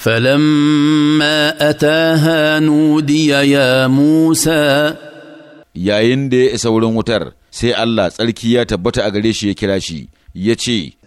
فلما أتاها نودي ya musa. yayin da ya isa wurin wutar sai Allah tsarki ya tabbata a gare shi ya kira shi ya ce